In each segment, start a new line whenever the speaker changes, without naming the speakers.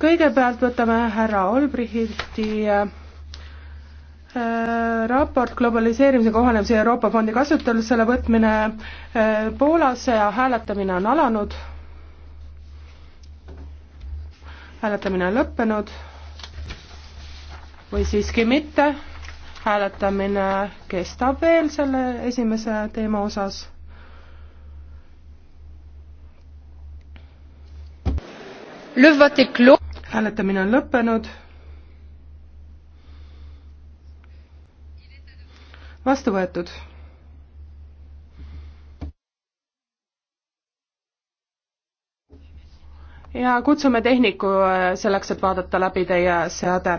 kõigepealt võtame härra Olbrichti äh, raport globaliseerimise kohanemise Euroopa Fondi kasutusele võtmine äh, Poolas ja äh, hääletamine on alanud. hääletamine on lõppenud või siiski mitte. hääletamine kestab veel selle esimese teema osas le vote est clos hääletamine on lõppenud. vastu võetud. ja kutsume tehniku äh, selleks, et vaadata läbi teie seade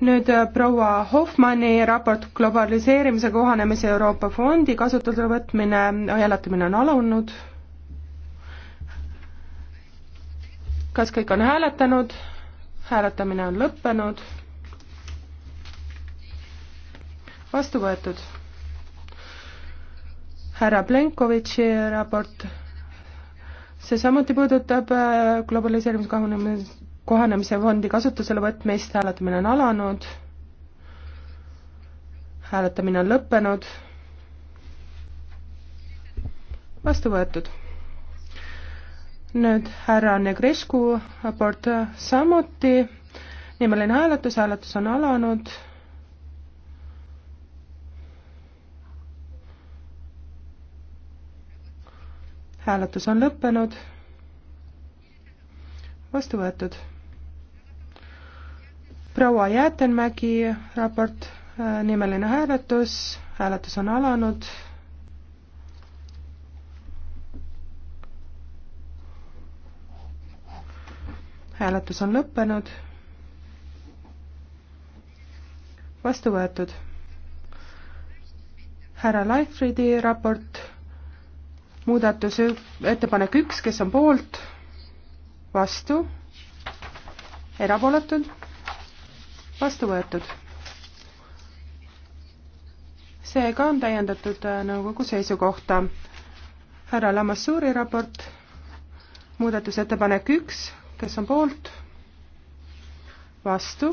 nüüd äh, proua Hoffmanni raport globaliseerimise kohanemise Euroopa Fondi kasutusele võtmine, hääletamine on alanud. kas kõik on hääletanud? hääletamine on lõppenud. vastu võetud. härra Plenkovitši raport, see samuti puudutab äh, globaliseerimise kahanemise, kohanemise fondi kasutusele võtmist, hääletamine on alanud, hääletamine on lõppenud, vastu võetud nüüd härra Negrescu raport samuti, nimeline hääletus, hääletus on alanud. hääletus on lõppenud. vastu võetud. proua Jäätenmägi raport, äh, nimeline hääletus, hääletus on alanud hääletus on lõppenud. vastu võetud. härra Leifridi raport, muudatuse ettepanek üks, kes on poolt, vastu, erapooletud, vastu võetud. seega on täiendatud äh, nõukogu seisukohta. härra Lamassuuri raport, muudatusettepanek üks, kes on poolt, vastu,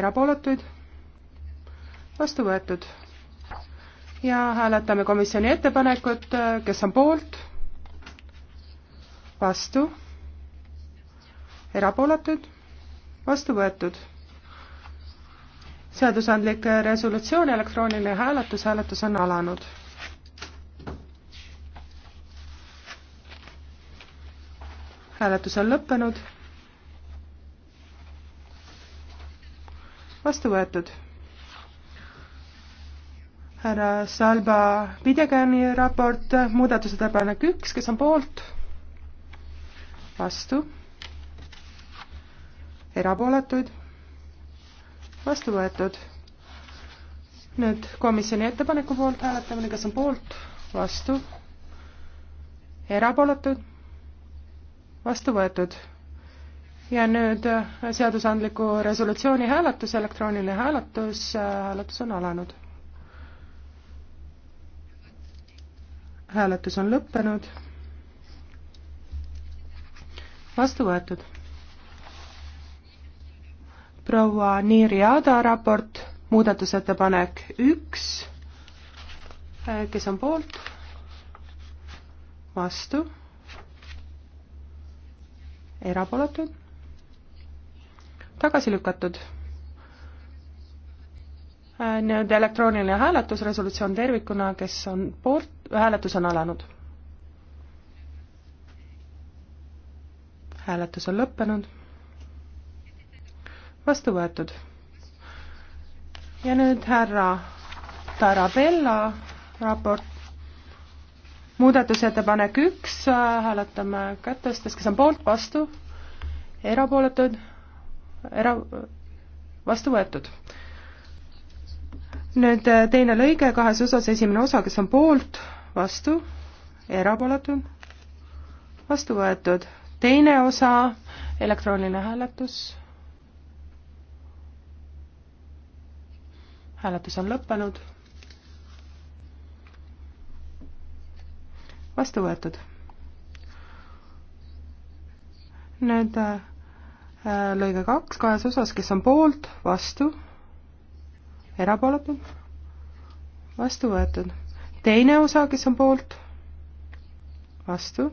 erapooletuid, vastu võetud. ja hääletame komisjoni ettepanekut, kes on poolt, vastu, erapooletuid, vastu võetud. seadusandlik resolutsioon, elektrooniline hääletus, hääletus on alanud hääletus on lõppenud. vastu võetud. härra Salba Videgani raport, muudatusettepanek üks, kes on poolt? vastu. erapooletuid? vastu võetud. nüüd komisjoni ettepaneku poolt hääletamine, kes on poolt? vastu. erapooletuid? vastu võetud. ja nüüd äh, seadusandliku resolutsiooni hääletus, elektrooniline hääletus, äh, hääletus on alanud. hääletus on lõppenud. vastu võetud. proua Niiri Aada raport, muudatusettepanek üks, äh, kes on poolt? vastu erapooletud, tagasi lükatud. Äh, nüüd elektrooniline hääletus, resolutsioon tervikuna, kes on poolt, hääletus on alanud. hääletus on lõppenud. vastu võetud. ja nüüd härra Tarabella raport muudatusettepanek üks, äh, hääletame kätt tõstes, kes on poolt, vastu, erapooletud, era-, vastu võetud. nüüd äh, teine lõige kahes osas, esimene osa, kes on poolt, vastu, erapooletud, vastu võetud. teine osa, elektrooniline hääletus. hääletus on lõppenud vastu võetud. nüüd äh, lõige kaks kahes osas, kes on poolt, vastu, erapooletu, vastu võetud. teine osa, kes on poolt, vastu,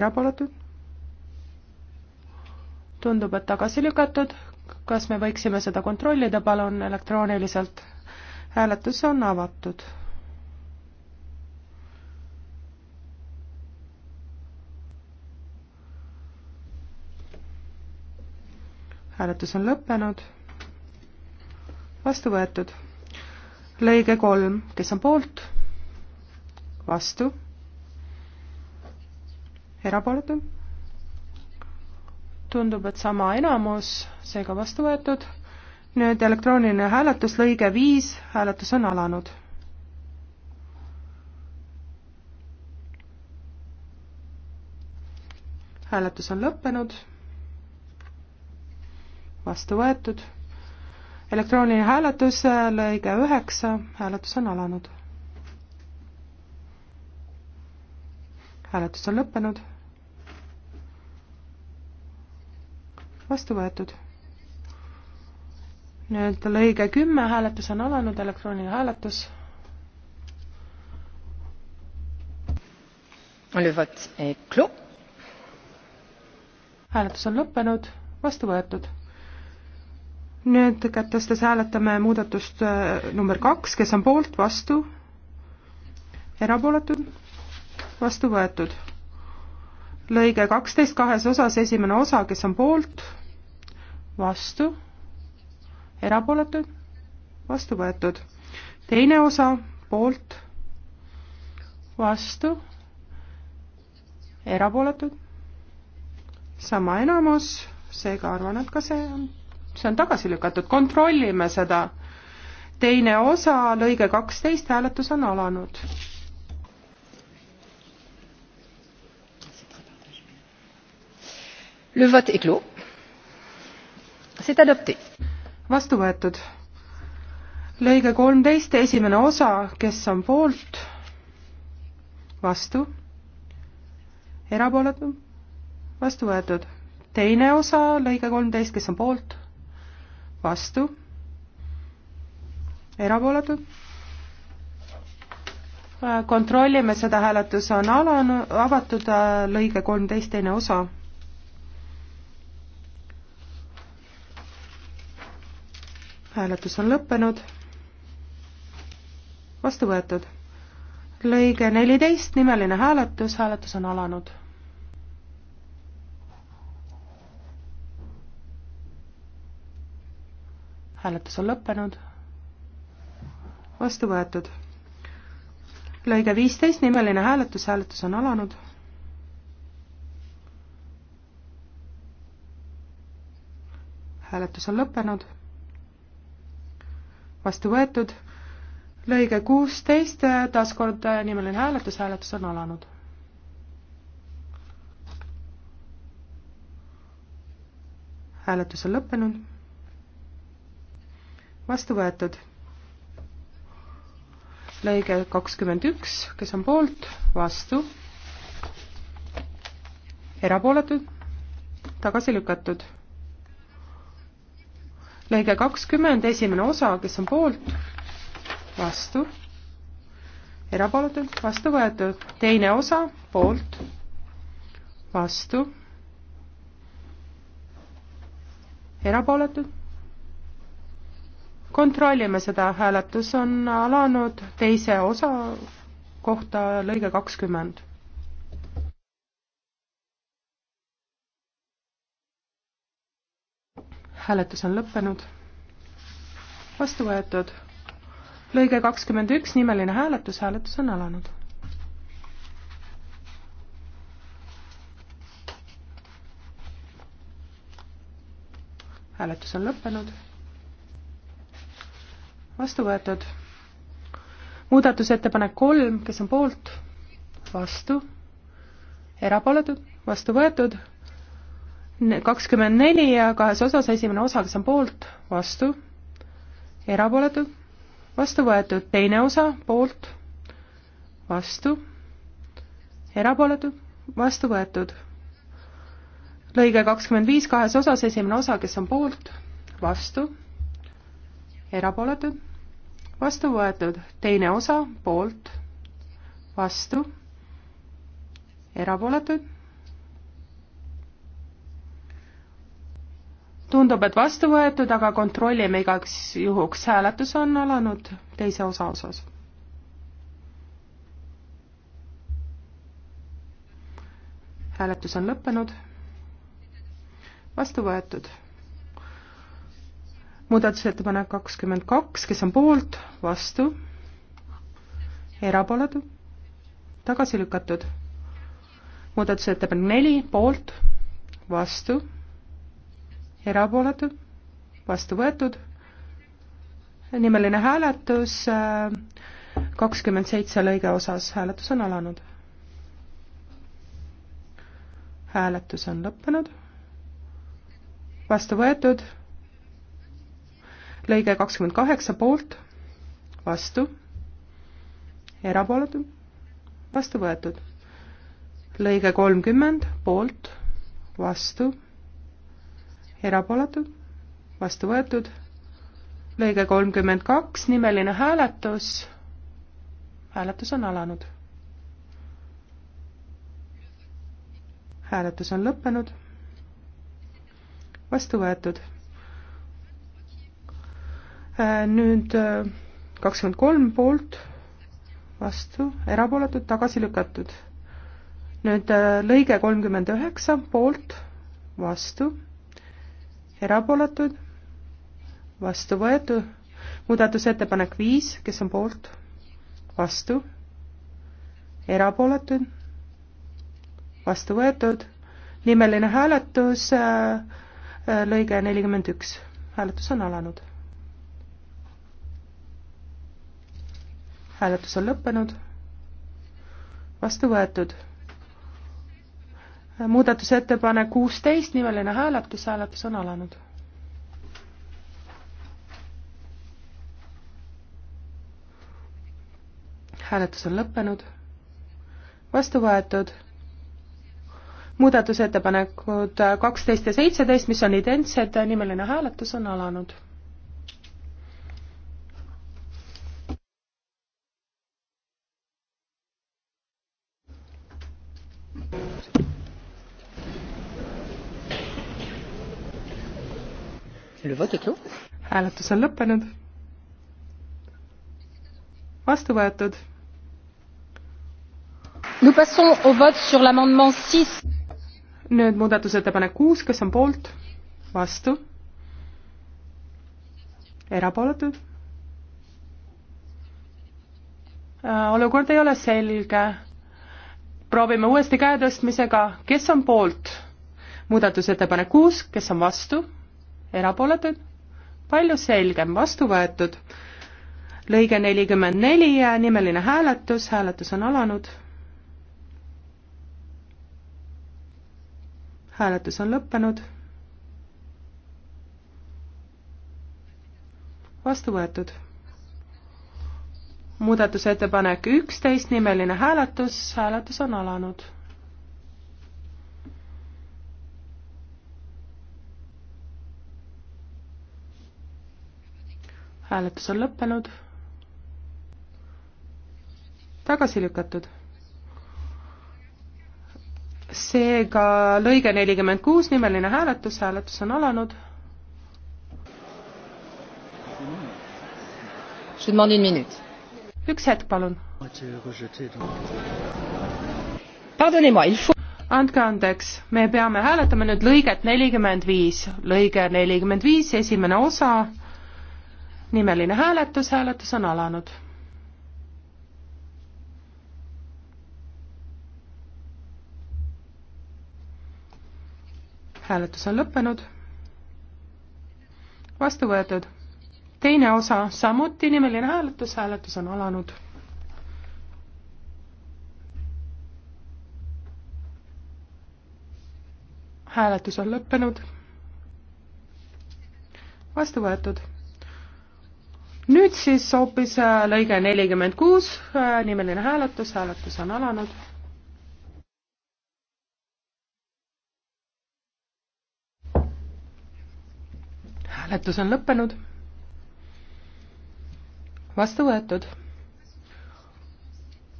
erapooletu, tundub, et tagasi lükatud, kas me võiksime seda kontrollida, palun elektrooniliselt. hääletus on avatud hääletus on lõppenud, vastu võetud. lõige kolm, kes on poolt? vastu? erapooletu? tundub, et sama enamus, seega vastu võetud. nüüd elektrooniline hääletus, lõige viis, hääletus on alanud. hääletus on lõppenud vastu võetud. elektrooniline hääletus, lõige üheksa, hääletus on alanud. hääletus on lõppenud. vastu võetud. nüüd lõige kümme, hääletus on alanud, elektrooniline hääletus. hääletus on lõppenud, vastu võetud nüüd kätt tõstes hääletame muudatust äh, number kaks, kes on poolt, vastu, erapooletud, vastu võetud. lõige kaksteist kahes osas, esimene osa, kes on poolt, vastu, erapooletud, vastu võetud. teine osa, poolt, vastu, erapooletud, sama enamus, seega arvan, et ka see on see on tagasi lükatud, kontrollime seda. teine osa, lõige kaksteist, hääletus on alanud. Le vote est clos. C'est adopté. vastu võetud. lõige kolmteist, esimene osa, kes on poolt? vastu. erapooletu? vastu võetud. teine osa, lõige kolmteist, kes on poolt? vastu, erapooletud. Äh, kontrollime seda, hääletus on alanud, avatud, äh, lõige kolmteist, teine osa. hääletus on lõppenud, vastu võetud. lõige neliteist, nimeline hääletus, hääletus on alanud hääletus on lõppenud. vastu võetud. lõige viisteist, nimeline hääletus, hääletus on alanud. hääletus on lõppenud. vastu võetud. lõige kuusteist, taaskord nimeline hääletus, hääletus on alanud. hääletus on lõppenud vastu võetud. lõige kakskümmend üks, kes on poolt, vastu, erapooletud, tagasi lükatud. lõige kakskümmend, esimene osa, kes on poolt, vastu, erapooletud, vastu võetud, teine osa, poolt, vastu, erapooletud kontrollime seda, hääletus on alanud teise osa kohta lõige kakskümmend. hääletus on lõppenud. vastu võetud. lõige kakskümmend üks, nimeline hääletus, hääletus on alanud. hääletus on lõppenud vastu võetud. muudatusettepanek kolm, kes on poolt, vastu, erapooletud, vastu võetud, kakskümmend neli ja kahes osas esimene osa, kes on poolt, vastu, erapooletud, vastu võetud, teine osa, poolt, vastu, erapooletud, vastu võetud. lõige kakskümmend viis kahes osas, esimene osa, kes on poolt, vastu, erapooletud vastu võetud, teine osa poolt, vastu, erapooletud. tundub, et vastu võetud, aga kontrollime igaks juhuks, hääletus on alanud teise osa osas. hääletus on lõppenud, vastu võetud muudatusettepanek kakskümmend kaks, kes on poolt, vastu, erapooletu, tagasi lükatud. muudatusettepanek neli, poolt, vastu, erapooletu, vastu võetud, nimeline hääletus äh, kakskümmend seitse lõige osas, hääletus on alanud. hääletus on lõppenud, vastu võetud lõige kakskümmend kaheksa poolt, vastu, erapooletu, vastu võetud. lõige kolmkümmend poolt, vastu, erapooletu, vastu võetud. lõige kolmkümmend kaks, nimeline hääletus. hääletus on alanud. hääletus on lõppenud. vastu võetud Äh, nüüd äh, kakskümmend kolm poolt, vastu, erapooletud, tagasi lükatud. nüüd äh, lõige kolmkümmend üheksa poolt, vastu, erapooletud, vastu võetud, muudatusettepanek viis, kes on poolt, vastu, erapooletud, vastu võetud, nimeline hääletus, lõige nelikümmend üks, hääletus on alanud hääletus on lõppenud, vastu võetud. muudatusettepanek kuusteist, nimeline hääletus, hääletus on alanud. hääletus on lõppenud, vastu võetud muudatusettepanekud kaksteist ja seitseteist, mis on identsed, nimeline hääletus on alanud hääletus on lõppenud. vastu võetud. nüüd muudatusettepanek kuus, kes on poolt, vastu, erapooletud äh, olukord ei ole selge proovime uuesti käe tõstmisega, kes on poolt? muudatusettepanek kuus, kes on vastu? erapooletud? palju selgem, vastu võetud. lõige nelikümmend neli ja nimeline hääletus, hääletus on alanud. hääletus on lõppenud. vastu võetud muudatusettepanek üksteist, nimeline hääletus, hääletus on alanud. hääletus on lõppenud. tagasi lükatud. seega lõige nelikümmend kuus, nimeline hääletus, hääletus on alanud. Je demande une minute üks hetk, palun. andke andeks, me peame hääletama nüüd lõiget nelikümmend viis, lõige nelikümmend viis, esimene osa, nimeline hääletus, hääletus on alanud. hääletus on lõppenud. vastu võetud teine osa samuti nimeline hääletus, hääletus on alanud. hääletus on lõppenud. vastu võetud. nüüd siis hoopis äh, lõige nelikümmend kuus, äh, nimeline hääletus, hääletus on alanud hääletus on lõppenud vastu võetud.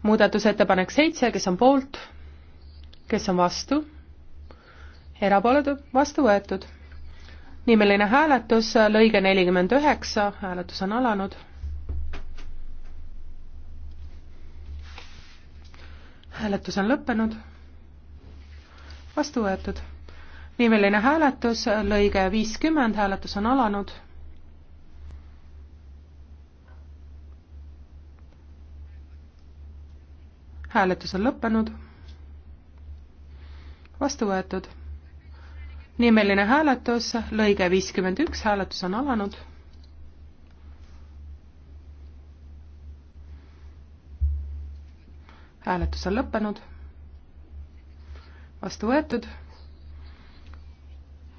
muudatusettepanek seitse, kes on poolt, kes on vastu, erapooletu, vastu võetud. nimeline hääletus, lõige nelikümmend üheksa, hääletus on alanud. hääletus on lõppenud, vastu võetud. nimeline hääletus, lõige viiskümmend, hääletus on alanud hääletus on lõppenud. vastu võetud. nimeline hääletus, lõige viiskümmend üks, hääletus on alanud. hääletus on lõppenud. vastu võetud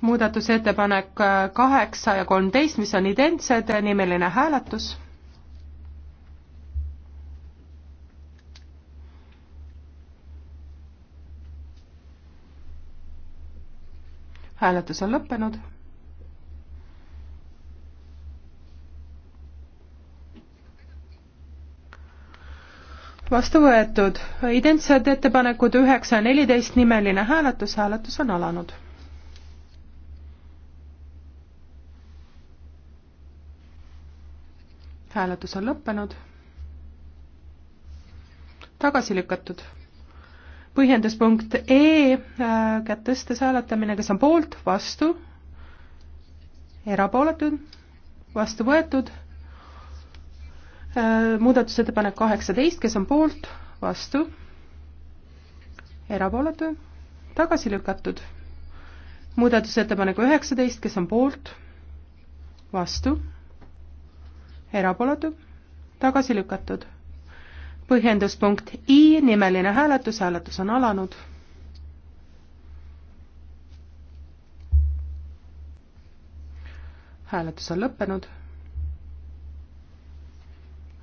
muudatusettepanek kaheksa ja kolmteist, mis on identsed, nimeline hääletus hääletus on lõppenud. vastu võetud identsed ettepanekud üheksa ja neliteist nimeline hääletus, hääletus on alanud. hääletus on lõppenud. tagasi lükatud põhjendus punkt E, äh, kätt tõstes hääletamine, kes on poolt, vastu, erapooletud, vastu võetud, äh, muudatusettepanek kaheksateist, kes on poolt, vastu, erapooletu, tagasi lükatud. muudatusettepanek üheksateist, kes on poolt, vastu, erapooletu, tagasi lükatud põhjenduspunkt I, nimeline hääletus, hääletus on alanud. hääletus on lõppenud.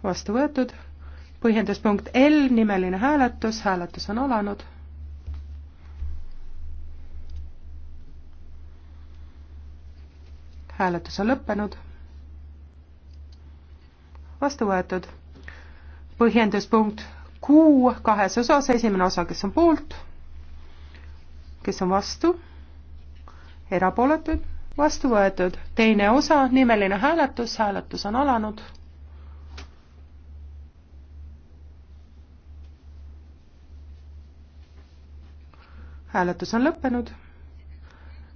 vastu võetud. põhjenduspunkt L, nimeline hääletus, hääletus on alanud. hääletus on lõppenud. vastu võetud põhjenduspunkt Q kahes osas, esimene osa, kes on poolt, kes on vastu, erapooletud, vastu võetud, teine osa, nimeline hääletus, hääletus on alanud. hääletus on lõppenud,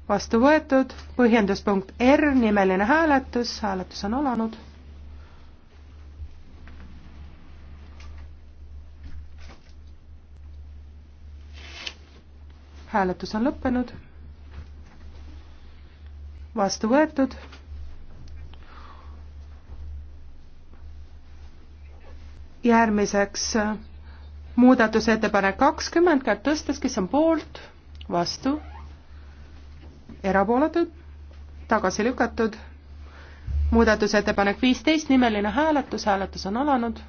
vastu võetud, põhjenduspunkt R, nimeline hääletus, hääletus on alanud hääletus on lõppenud. vastu võetud. järgmiseks äh, muudatusettepanek kakskümmend, kätt tõstes, kes on poolt, vastu, erapooletud, tagasi lükatud. muudatusettepanek viisteist, nimeline hääletus, hääletus on alanud.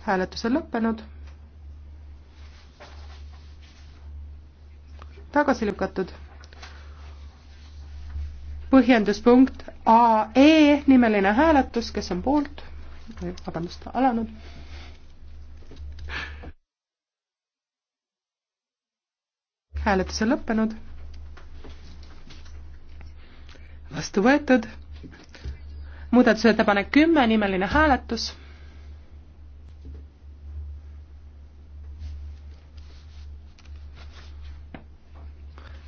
hääletus on lõppenud tagasi lükatud. põhjenduspunkt AE nimeline hääletus, kes on poolt, vabandust, alanud. hääletus on lõppenud. vastu võetud. muudatusettepanek kümme, nimeline hääletus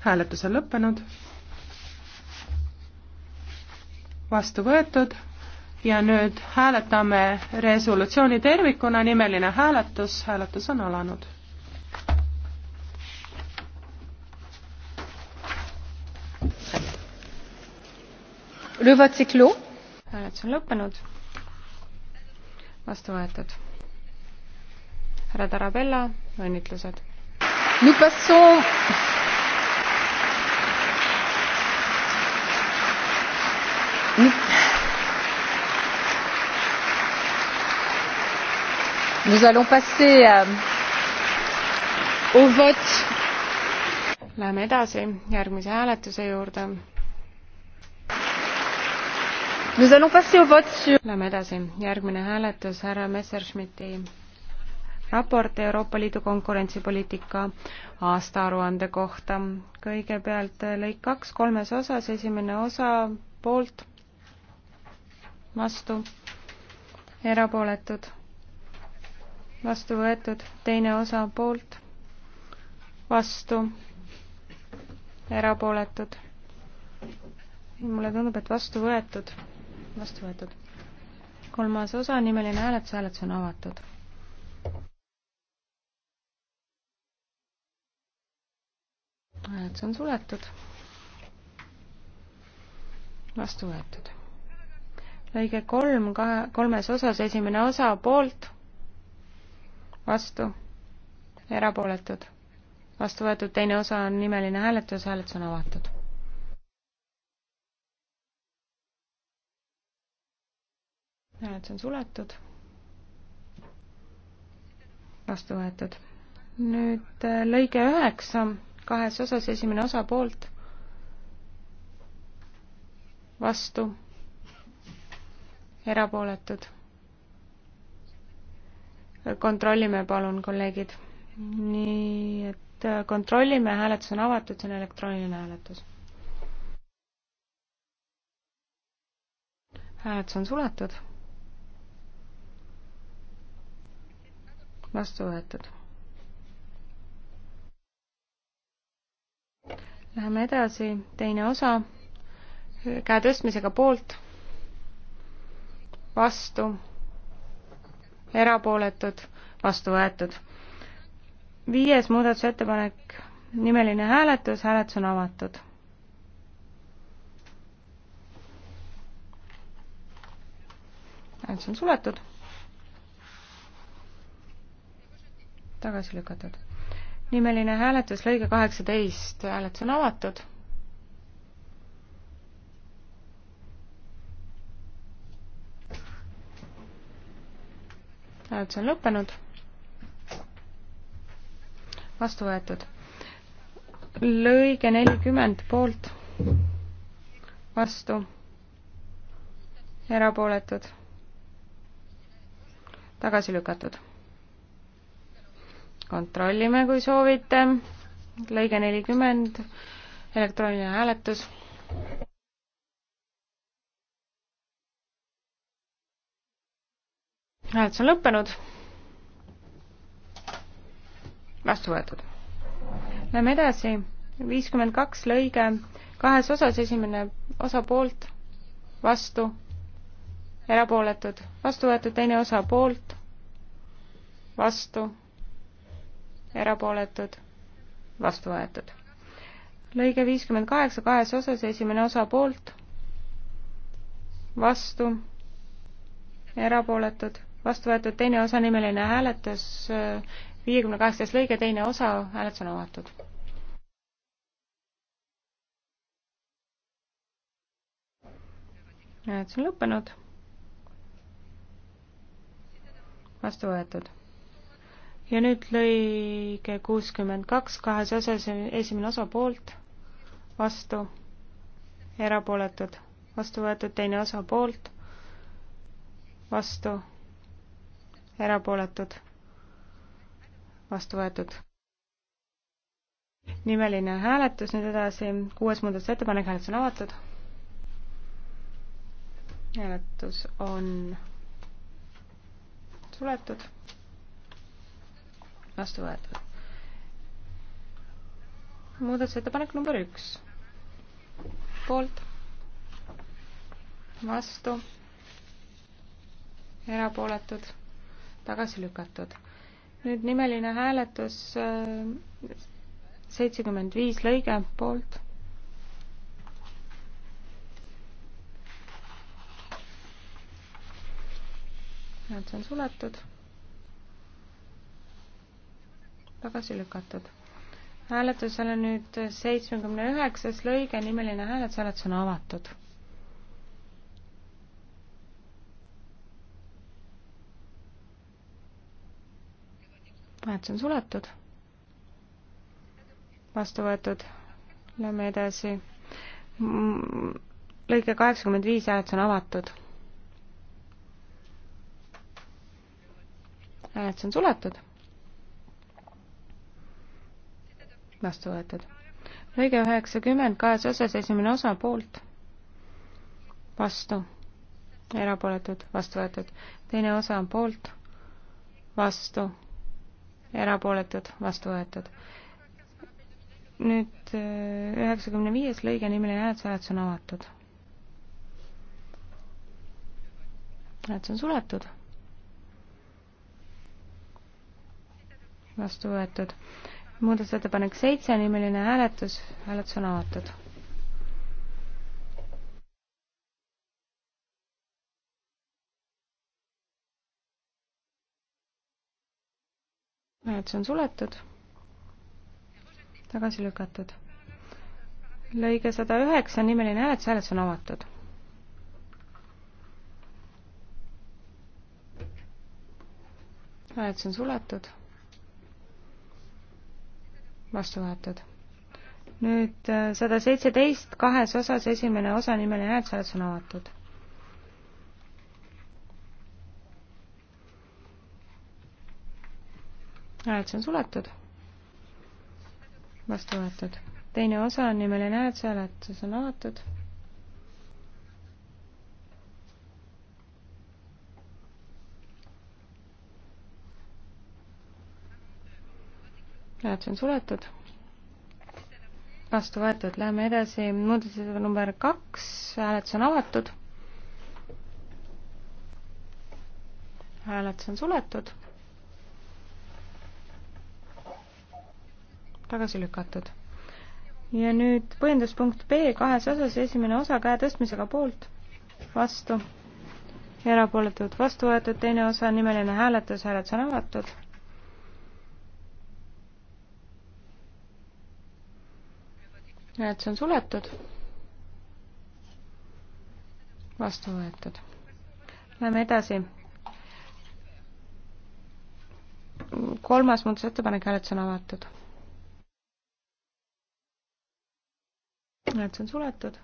hääletus on lõppenud. vastu võetud ja nüüd hääletame resolutsiooni tervikuna, nimeline hääletus, hääletus on alanud.
hääletus on lõppenud. vastu võetud. härra Tarabella, õnnitlused. Nous passons nous allons passer euh, au vote. Läheme edasi järgmise hääletuse juurde. Nous allons passer au vote sur... Läheme edasi. Järgmine hääletus härra Messerschmitti raport Euroopa Liidu konkurentsipoliitika aastaaruande kohta. kõigepealt lõik kaks kolmes osas, esimene osa poolt, vastu, erapooletud vastu võetud, teine osa poolt, vastu, erapooletud. mulle tundub, et vastu võetud, vastu võetud. kolmas osa, nimeline hääletus, hääletus on avatud. hääletus on suletud. vastu võetud. lõige kolm, kahe, kolmes osas, esimene osa poolt vastu, erapooletud, vastu võetud, teine osa on nimeline hääletus, hääletus on avatud. hääletus on suletud, vastu võetud. nüüd äh, lõige üheksa, kahes osas, esimene osa poolt, vastu, erapooletud kontrollime palun, kolleegid. nii et äh, kontrollime, hääletus on avatud, see on elektrooniline hääletus. hääletus on suletud. vastu võetud. Läheme edasi, teine osa. käe tõstmisega poolt, vastu erapooletud, vastu võetud. viies muudatusettepanek, nimeline hääletus, hääletus on avatud. hääletus on suletud. tagasi lükatud. nimeline hääletus, lõige kaheksateist, hääletus on avatud hääletus on lõppenud. vastu võetud. lõige nelikümmend poolt, vastu, erapooletud, tagasi lükatud. kontrollime, kui soovite. lõige nelikümmend, elektrooniline hääletus. hääletus on lõppenud. vastu võetud. Lähme edasi, viiskümmend kaks lõige kahes osas, esimene osa poolt, vastu, erapooletud, vastu võetud, teine osa poolt, vastu, erapooletud, vastu võetud. lõige viiskümmend kaheksa kahes osas, esimene osa poolt, vastu, erapooletud vastu võetud, teine osa nimeline hääletus, viiekümne kaheksas lõige, teine osa, hääletus on avatud. hääletus on lõppenud. vastu võetud. ja nüüd lõige kuuskümmend kaks, kahes osas esimene osa poolt, vastu, erapooletud, vastu võetud teine osa poolt, vastu erapooletud, vastu võetud. nimeline hääletus nüüd edasi, kuues muudatusettepanek, hääletus on avatud. hääletus on suletud, vastu võetud. muudatusettepanek number üks, poolt, vastu erapooletud, tagasi lükatud. nüüd nimeline hääletus äh, seitsekümmend viis lõige poolt. näed, see on suletud. tagasi lükatud. hääletusel on nüüd seitsmekümne üheksas lõige, nimeline hääletus, hääletus on avatud hääletus on suletud. vastu võetud. Lähme edasi. Mm, lõige kaheksakümmend viis hääletus on avatud. hääletus on suletud. vastu võetud. lõige üheksakümmend kahes osas esimene osa poolt. vastu. erapooletud, vastu võetud. teine osa on poolt. vastu erapooletud, vastu võetud. nüüd äh, üheksakümne viies lõige nimeline hääletushääletus on avatud. hääletus on suletud. vastu võetud. muudatusettepanek seitse nimeline hääletus, hääletus on avatud hääletus on suletud. tagasi lükatud. lõige sada üheksa, nimeline hääletus, hääletus on avatud. hääletus on suletud. vastu võetud. nüüd äh, sada seitseteist, kahes osas, esimene osa, nimeline hääletus, hääletus on avatud hääletus on suletud. vastu võetud. teine osa on nimeline hääletus, hääletus on avatud. hääletus on suletud vastu võetud, läheme edasi, muudatusettepanek number kaks, hääletus on avatud. hääletus on suletud tagasi lükatud. ja nüüd põhjenduspunkt B kahes osas, esimene osa käe tõstmisega poolt, vastu, erapooletud, vastu võetud, teine osa, nimeline hääletus, hääletus on avatud. hääletus on suletud. vastu võetud. Läheme edasi kolmas muudatusettepanek hääletus on avatud. hääletus on suletud.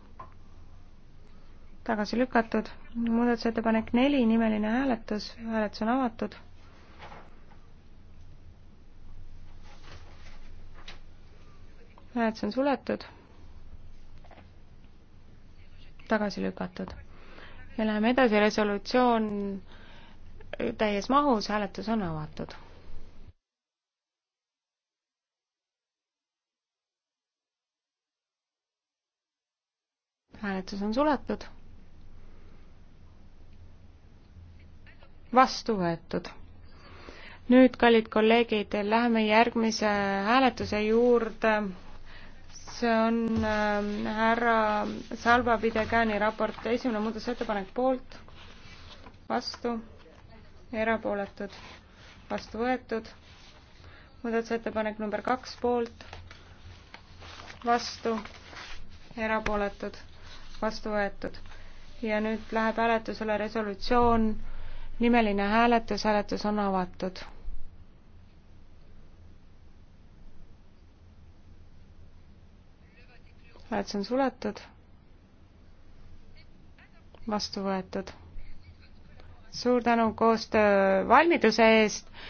tagasi lükatud. muudatusettepanek neli, nimeline hääletus, hääletus on avatud. hääletus on suletud. tagasi lükatud. ja läheme edasi, resolutsioon täies mahus, hääletus on avatud hääletus on suletud. vastu võetud. nüüd, kallid kolleegid, läheme järgmise hääletuse juurde. see on ähm, härra Salva Pidegani raport, esimene muudatusettepanek poolt, vastu, erapooletud, vastu võetud. muudatusettepanek number kaks poolt, vastu erapooletud vastu võetud. ja nüüd läheb hääletusele resolutsioon, nimeline hääletus, hääletus on avatud. hääletus on suletud. vastu võetud. suur tänu koostöö valmiduse eest